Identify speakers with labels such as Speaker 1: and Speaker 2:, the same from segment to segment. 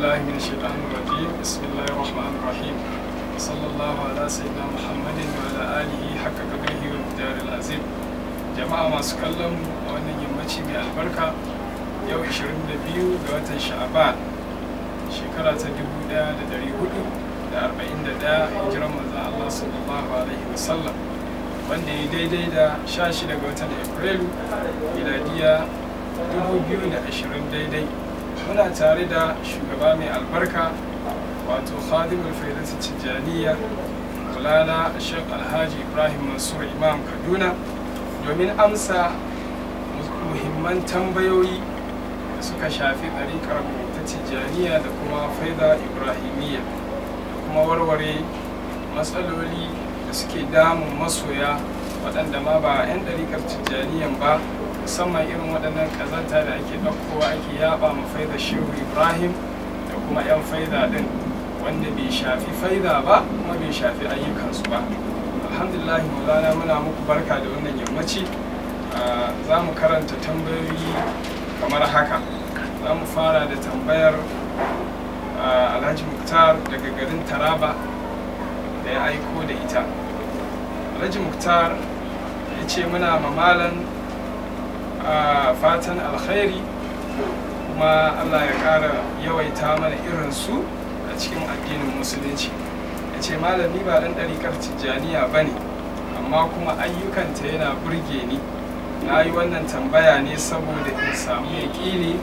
Speaker 1: بالله من الشيطان الرجيم بسم الله الرحمن الرحيم وصلى الله على سيدنا محمد وعلى آله حق قدره ومقدار العظيم jama'a masu kallon a wannan yammaci mai albarka yau 22 ga watan sha'aban shekara ta 1441 hijiran manzan Allah sallallahu alaihi wasallam wanda ya daidai da 16 ga watan afrilu miladiya 2020 daidai muna tare da shugaba mai albarka wato khadimul faidatu tijjaniya maulana shek alhaji ibrahim mansur imam kaduna domin amsa muhimman tambayoyi da suka shafi ɗariƙar ta tijjaniya da kuma faida ibrahimiyya da kuma warware matsaloli da suke damun masoya waɗanda ma ba 'yan ɗariƙar tijjaniyan ba musamman irin waɗannan kazanta da ake ɗaukowa ake yaba ma faida shehu ibrahim da kuma 'yan faida ɗin wanda bai shafi faida ba kuma bai shafi ayyukansu ba alhamdulillah maulana muna muku barka da wannan yammaci ah, za mu karanta tambayoyi kamar haka za mu fara da tambayar ah, alhaji muktar daga garin taraba da ya aiko da ita alhaji muktar ya ce muna mamalan fatan alkhairi kuma allah ya kara yawaita mana irin su a cikin addinin musulunci ya ce malami ba ɗan ɗarikar tijjaniya ba ne amma kuma ayyukanta yana burge ni na yi wannan tambaya ne saboda in samu yaƙini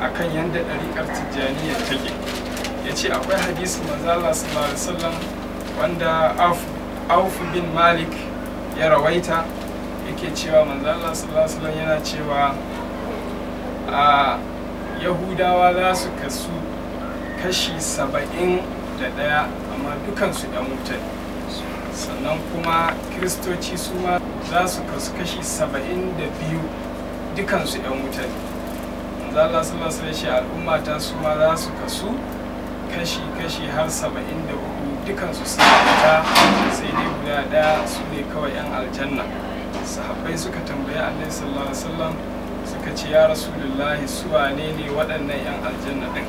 Speaker 1: a kan yadda ɗarikar tijjaniya take ya ce akwai hadisi manzala sallallahu alaihi sallan wanda Afu bin malik ya rawaita yake cewa manzo Allah sallallahu alaihi yana cewa a yahudawa za su kasu kashi saba'in da ɗaya amma dukansu ɗan wuta sannan kuma kiristoci su ma za su kasu kashi saba'in da biyu dukansu ɗan wuta manzo Allah sallallahu alaihi shi al'umma ta su ma za su kasu kashi kashi har saba'in da hudu dukansu sun sai dai guda ɗaya su ne kawai 'yan aljanna sahabbai suka tambayi alaihi sallallahu alaihi wasallam suka ce ya rasulullahi su wane ne waɗannan yan aljanna din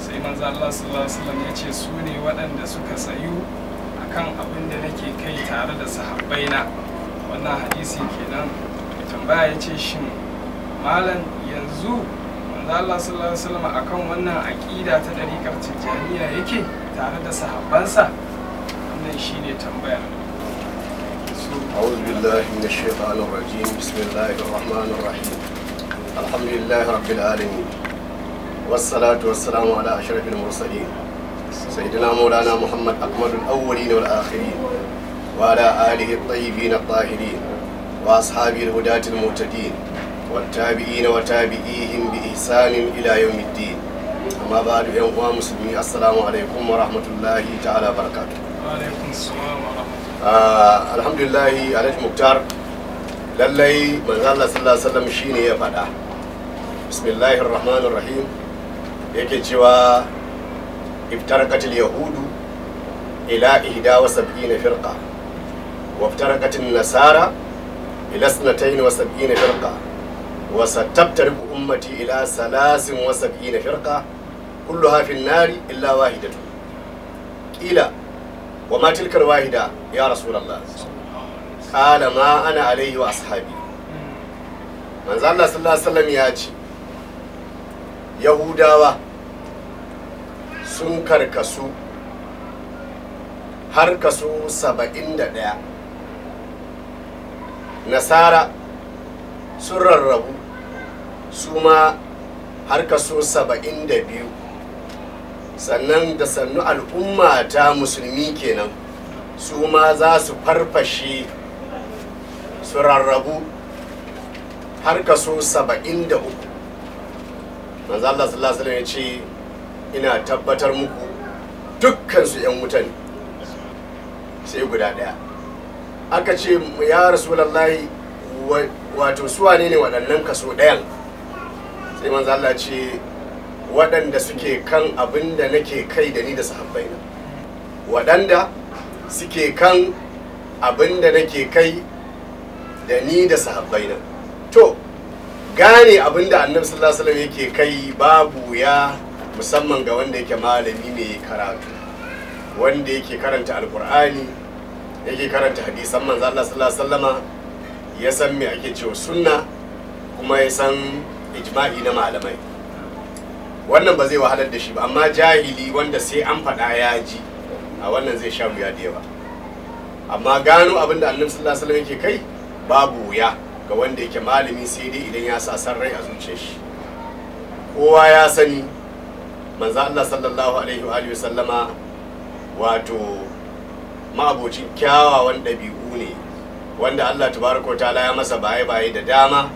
Speaker 1: sai manzo Allah sallallahu alaihi wasallam ya ce su ne waɗanda suka sayu akan abin da nake kai tare da sahabbai na wannan hadisi kenan tambaya ya ce shin malam yanzu manzo Allah sallallahu alaihi wasallam akan wannan aqida ta dariƙar tijaniya yake tare da sahabbansa wannan shine tambayar
Speaker 2: أعوذ بالله من الشيطان الرجيم بسم الله الرحمن الرحيم الحمد لله رب العالمين والصلاة والسلام على أشرف المرسلين سيدنا مولانا محمد أكمل الأولين والآخرين وعلى آله الطيبين الطاهرين وأصحابه الهداة المهتدين والتابعين وتابعيهم بإحسان إلى يوم الدين amma ba da yan uwa musulmi assalamu alaikum wa rahmatullahi ta'ala barakatuh
Speaker 1: wa alaikum assalam wa rahmatullahi
Speaker 2: Ah, alhamdulillahi alhaji muktar lallai manzo Allah sallallahu alaihi wasallam shine ya faɗa bismillahir rahmanir rahim yake cewa iftarqatil yahudu ila ihda wa sab'ina firqa wa iftarqatin nasara ila sanatayn wa sab'ina firqa wa satabtariqu ummati ila salasin wa sab'ina firqa kulluha fi an-nari illa wahidatu qila wa ma tilkar wahida ya rasulullah kala ma ana alaihi wa ashabi manzo Allah sallallahu alaihi wasallam ya ce yahudawa sun karkasu har kasu saba'in da ɗaya nasara sun rarrabu su ma har kasu saba'in da biyu sannan da sannu al'umma ta musulmi kenan su ma za su farfashe su rarrabu har kaso saba'in da uku manzo Allah sallallahu alaihi ya ce ina tabbatar muku dukkan su yan wutan sai guda daya aka ce ya rasulullahi wato suwa ne ne waɗannan kaso ɗayan sai manzo ce waɗanda suke kan abin da nake kai da ni da sahabbai na waɗanda suke kan abin da nake kai da ni da sahabbai na to gane abin da annabi sallallahu alaihi wasallam yake kai babu ya musamman ga wanda yake malami ne karatu wanda yake karanta alkur'ani yake karanta hadisan manzo Allah sallallahu alaihi wasallama ya san me ake cewa sunna kuma ya san ijma'i na malamai wannan ba zai wahalar da shi ba amma jahili wanda sai an faɗa ya ji a wannan zai sha wuya da yawa amma gano abin da annabi sallallahu alaihi wasallam yake kai babu wuya ga wanda yake malami sai dai idan ya sa san rai a zuciyar shi kowa ya sani manzo Allah sallallahu alaihi wa sallama wato ma'abocin kyawawan ɗabi'u ne wanda Allah tabaraka ta'ala ya masa baye-baye da dama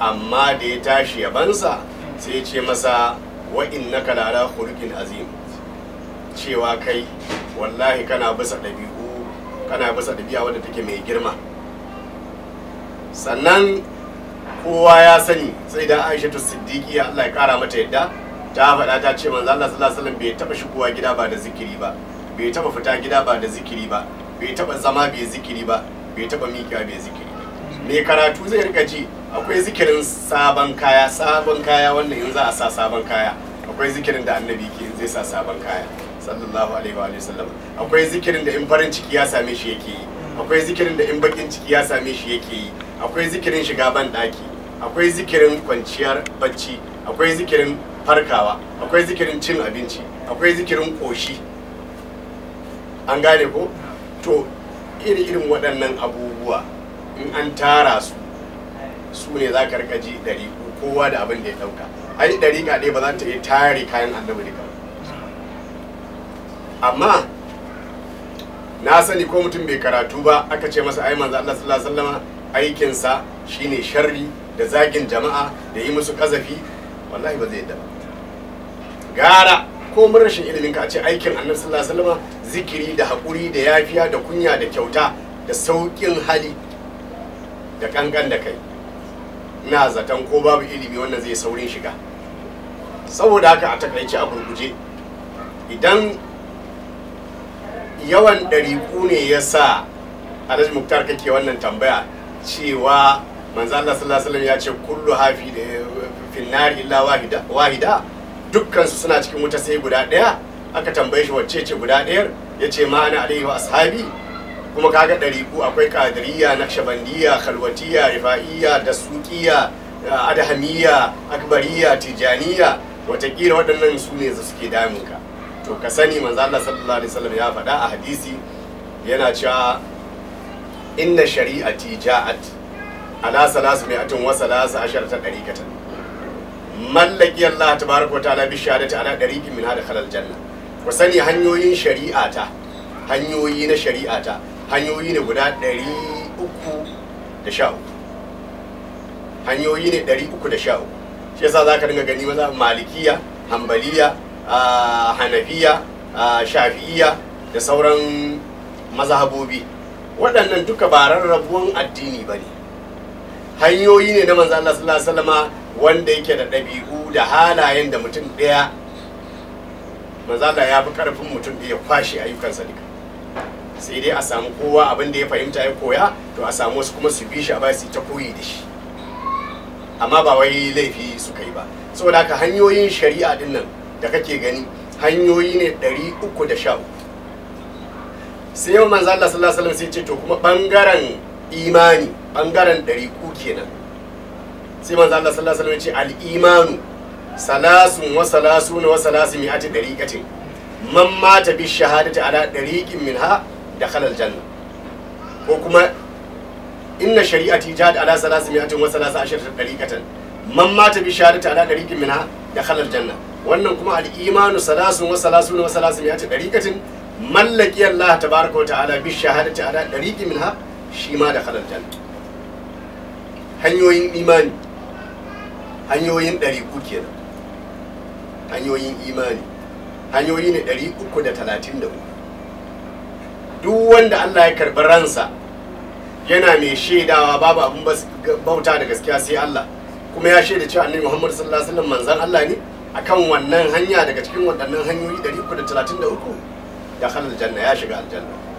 Speaker 2: amma da ya tashi yabansa sai ya ce masa wa innaka kalara khuluqin azim cewa kai wallahi kana bisa ɗabi'u kana bisa ɗabi'a wadda take mai girma sannan kowa ya sani sai da aisha ta Siddiki Allah ya kara mata yadda ta faɗa ta ce manzo Allah sallallahu alaihi wasallam bai taba shigowa gida ba da zikiri ba bai taɓa fita gida ba da zikiri ba bai taɓa zama bai zikiri ba bai taɓa miƙa bai zikiri mai karatu zai rika ji akwai zikirin sabon kaya sabon kaya wanda in za a sa sabon kaya akwai zikirin da annabi ke zai sa sabon kaya sallallahu alaihi wa sallam akwai zikirin da in farin ciki ya same shi yake yi akwai zikirin da in bakin ciki ya same shi yake yi akwai zikirin shiga ban daki akwai zikirin kwanciyar bacci akwai zikirin farkawa akwai zikirin cin abinci akwai zikirin koshi an gane ko to iri irin waɗannan abubuwa in an tara su su ne za ka rika ji ɗari kowa da abin da ya ɗauka ai ɗari ka dai ba za ta yi tare kayan annabi duka amma na sani ko mutum bai karatu ba aka ce masa ai manzo Allah sallallahu alaihi wasallam aikinsa shine sharri da zagin jama'a da yi musu kazafi wallahi ba zai yadda ba gara ko mun rashin ilimin ka ce aikin annabi sallallahu alaihi wasallam zikiri da hakuri da yafiya da kunya da kyauta da sauƙin hali da kankan da kai na zaton ko babu ilimi wannan zai saurin shiga saboda haka a takaice a gurguje idan yawan ɗariku ne ya sa alhaji muktar kake wannan tambaya cewa manzo Allah sallallahu alaihi ya ce kullu hafi da finnari illa wahida wahida dukkan su suna cikin wuta sai guda ɗaya aka tambaye shi wacce ce guda ɗayar yace ma ana alaihi wa ashabi kuma kaga ku akwai ƙadiriya nakshabandiyya khalwatiya, rifa'iyya dasuƙiyya adahamiya, akbariya tijaniya watakila waɗannan su ne su suke damunka to ka sani manzo Allah sallallahu alaihi wasallam ya faɗa a hadisi yana cewa inna shari'ati ja'at ala salasu mai atin wa salasu asharata ɗariƙatan mallaki Allah tabaraka wa ta'ala bi shahadati ala ɗariƙin min hada khalal janna ku sani hanyoyin shari'ata hanyoyi na shari'ata hanyoyi ne guda uku, hanyoyi ne uku, shi yasa za ka dinga gani maza malikiya hambaliya hanafiya shafi'iya da sauran mazhabobi waɗannan duka ba rarrabuwan addini ba ne hanyoyi ne na manzo Allah sallallahu alaihi wasallama wanda yake da ɗabi'u da halayen da mutum ɗaya manzo Allah ya fi ƙarfin mutum ya kwashe ayyukansa duka sai dai a samu kowa abin da ya fahimta ya koya to a samu wasu kuma su bi shi a bai su ta koyi da shi amma ba wai laifi suka yi ba saboda haka hanyoyin shari'a din nan da kake gani hanyoyi ne 313 sai yau manzo Allah sallallahu alaihi wasallam sai ce to kuma bangaren imani bangaren dariku kenan sai manzo Allah sallallahu alaihi wasallam ya ce al-imanu salasun wa salasun wa salasun mi'ati dariqatin man mata bi shahadati ala dariqin minha da halal janna ko kuma inna shari'ati jihad ala salasu mi'atin wa salasu ashirata dariqatan man mata bi shahadati ala da janna wannan kuma al-imanu salasun wa salasun wa salasu mi'atin dariqatin mallaki Allah tabaraka wa ta'ala bi shahadati ala dariqin minha shi ma da halal janna hanyoyin imani hanyoyin dariku kenan hanyoyin imani hanyoyi ne 333 duk wanda Allah ya karbi ransa yana mai shaidawa babu abin bauta da gaskiya sai Allah kuma ya shaida cewa annabi Muhammad sallallahu alaihi wasallam manzon Allah ne akan wannan hanya daga cikin wadannan hanyoyi 333 da halal janna ya shiga aljanna